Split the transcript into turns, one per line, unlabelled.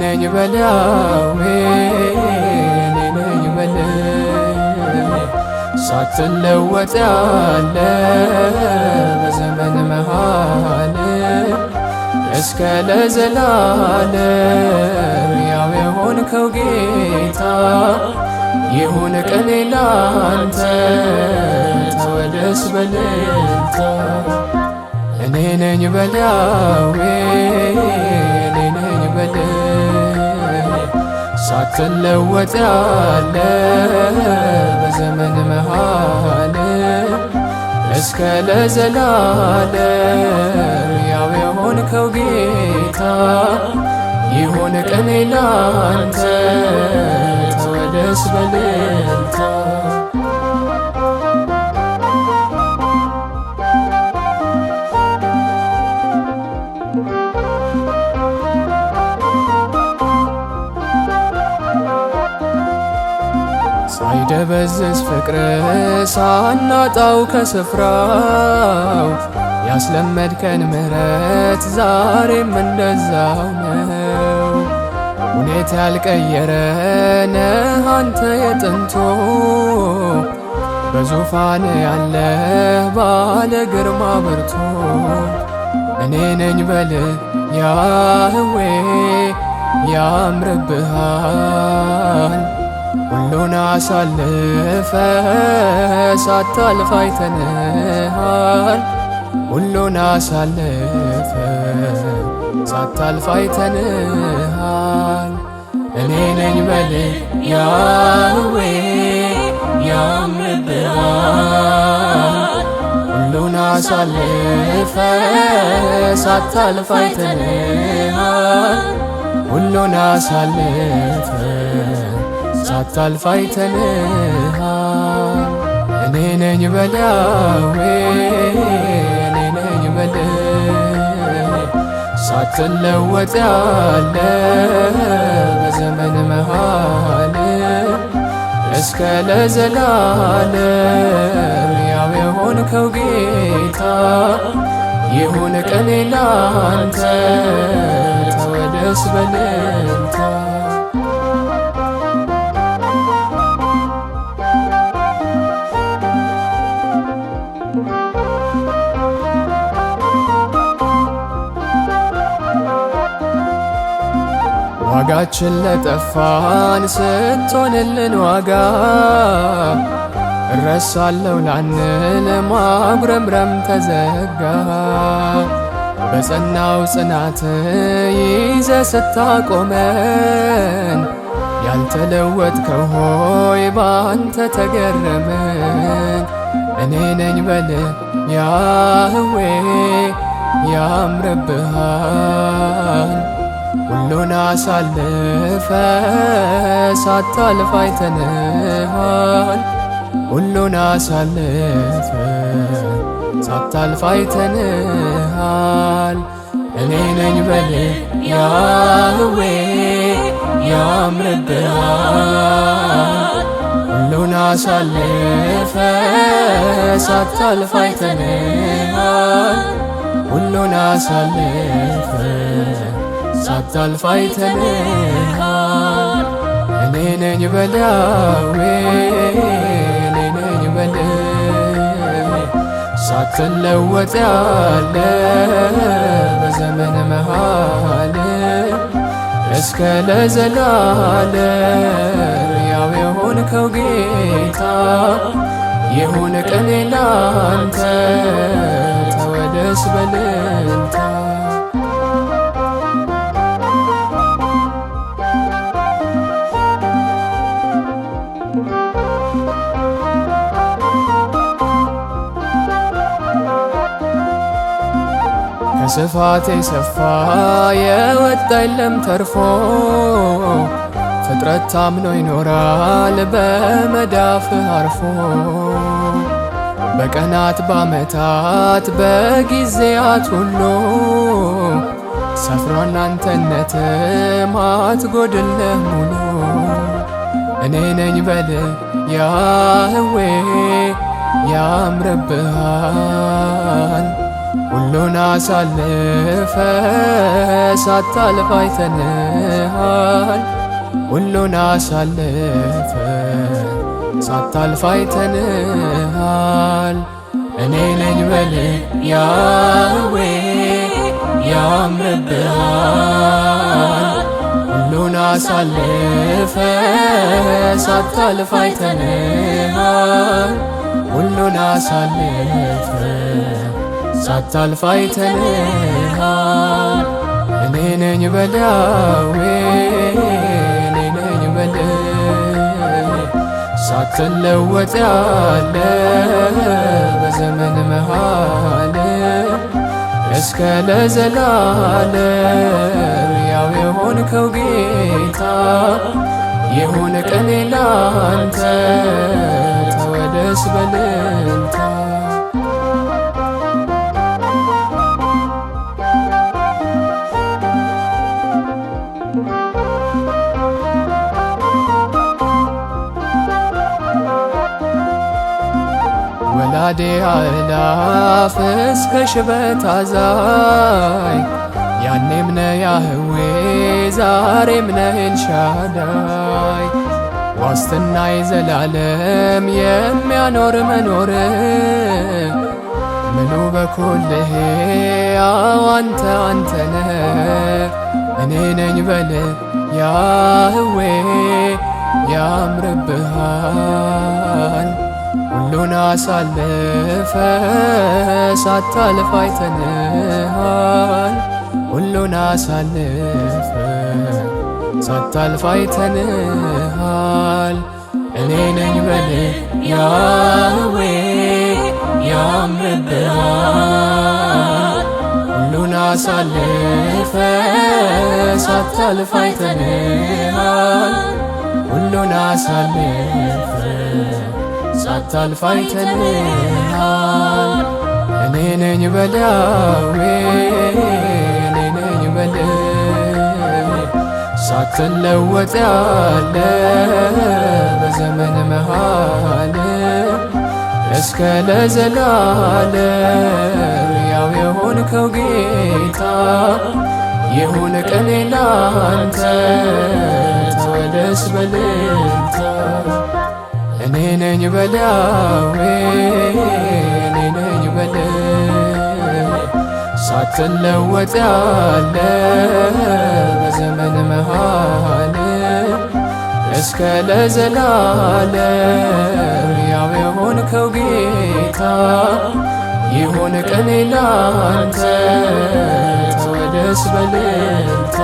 ነኝ በለው እኔ ነኝ በለው ሳትለወጥ ያለ በዘመን መሃል እስከ ለዘላለም ያው የሆንከው ጌታ ይሁን ቀኔ ላንተ ተወደስ በልታ እኔ ነኝ በለው ሳትለወጥ ያለ በዘመን መሃል እስከ ለዘላለም ያው የሆንከው ጌታ ይሁን ቀኔ ላንተ ተወደስ በልልታ በዝስ ፍቅር ሳናጣው ከስፍራው ያስለመድከን ምረት ዛሬም እንደዛው ነው። ሁኔታ ያልቀየረ ነህ አንተ የጥንቶ በዙፋን ያለ ባለ ግርማ ብርቶ እኔ ነኝ በል ያህዌ ያምርብሃል ሁሉን አሳልፈ ሳታልፍ አይተንሃል ሁሉን አሳልፈ ሳታልፍ አይተንሃል እኔ ነኝ በል ያህዌ ያምርብሃል ሁሉን አሳልፈ ሳታልፍ አይተንሃል ሁሉን አሳልፈ ሳታልፍ አይተንሃል። እኔ ነኝ በል ያህዌ እኔ ነኝ በል ሳትለወጥ ያለ በዘመን መሃል እስከ ለዘላለም ያው የሆንከው ጌታ ይሁን ቀኔ ላንተ ተወደስ በል ከፊታችን ለጠፋን ስትሆንልን ዋጋ እረሳለው ላንል ማጉረምረም ተዘጋ በጸናው ጽናት ይዘ ስታቆመን ያልተለወጥከው ሆይ ባንተ ተገረመን። እኔ ነኝ በል ያህዌ ያምረብሃል ሁሉን አሳልፈ ሳታልፍ አይተንሃል ሁሉን አሳልፈ ሳታልፍ አይተንሃል እኔ ነኝ በሌ ያህዌ ያምርብሃል ሁሉን አሳልፈ ሳታልፍ አይተንሃል ሁሉን አሳልፈ ሳታልፍ አይተንሃል። እኔ ነኝ በለው እኔ ነኝ በል ሳትለወጥ ያለ በዘመን መሃል እስከ ለዘላለ ያው የሆንከው ጌታ የሆነ ቀኔ ላንተ ተወደስ በልንታ ስፋቴ ሰፋ የወጣ የለም ተርፎ ፍጥረት ታምኖ ይኖራል በመዳፍ አርፎ በቀናት በዓመታት በጊዜያት ሁሉ ሰፍሯል አንተነት ማትጎድለ ሙሉ እኔ ነኝ በል ያህዌ ያምርብሃል ሁሉን አሳልፈ ሳታልፍ አይተንሃል ሁሉን አሳልፈ ሳታልፍ አይተንሃል እኔ ነኝ በል ያህዌ ያምርብሃል ሁሉን አሳልፈ ሳታልፍ አይተንሃል ሁሉን አሳልፈ ሳታልፍ አይተንሃል። እኔ ነኝ በላዌ እኔ ነኝ በል ሳትለወጥ ያለ በዘመን መሃል እስከ ለዘላለም ያው የሆንከው ጌታ የሆነ ቀኔ ላንተ ተወደስ በልንታ ከሃዲያ አእላፍ እስከ ሽበት አዛኝ ያኔም ነ ያህዌ ዛሬም ነህ ኤልሻዳይ ዋስትና የዘላለም የሚያኖር መኖር ምኑ በኩልሄ አዋንተ አንተነ እኔ ነኝ በል ያህዌ ያምርብሃል ሁሉን አሳልፈ ሳታልፍ አይተንሃል ሁሉን አሳልፈ ሳታልፍ አይተንሃል እኔ ነኝ በል ያህዌ ያምርብሃል ሁሉን አሳልፈ ሳታልፍ አይተንሃል ሁሉን አሳልፈ ሳታልፍ አይተንሃል። እኔ ነኝ በላዌ እኔ ነኝ በል ሳትለወጥ ያለ በዘመን መሃል እስከ ለዘላለም ያው የሆንከው ጌታ ይሁን ቀኔ ላንተ ተወደስ በልታ እኔ ነኝ በለው እኔ ነኝ በለው ሳትለወጥ ያለ በዘመን መሃል እስከ ለዘላለም ያው የሆንከው ጌታ ይሁን ቀኔ ላንተ ተወደስ በልልታ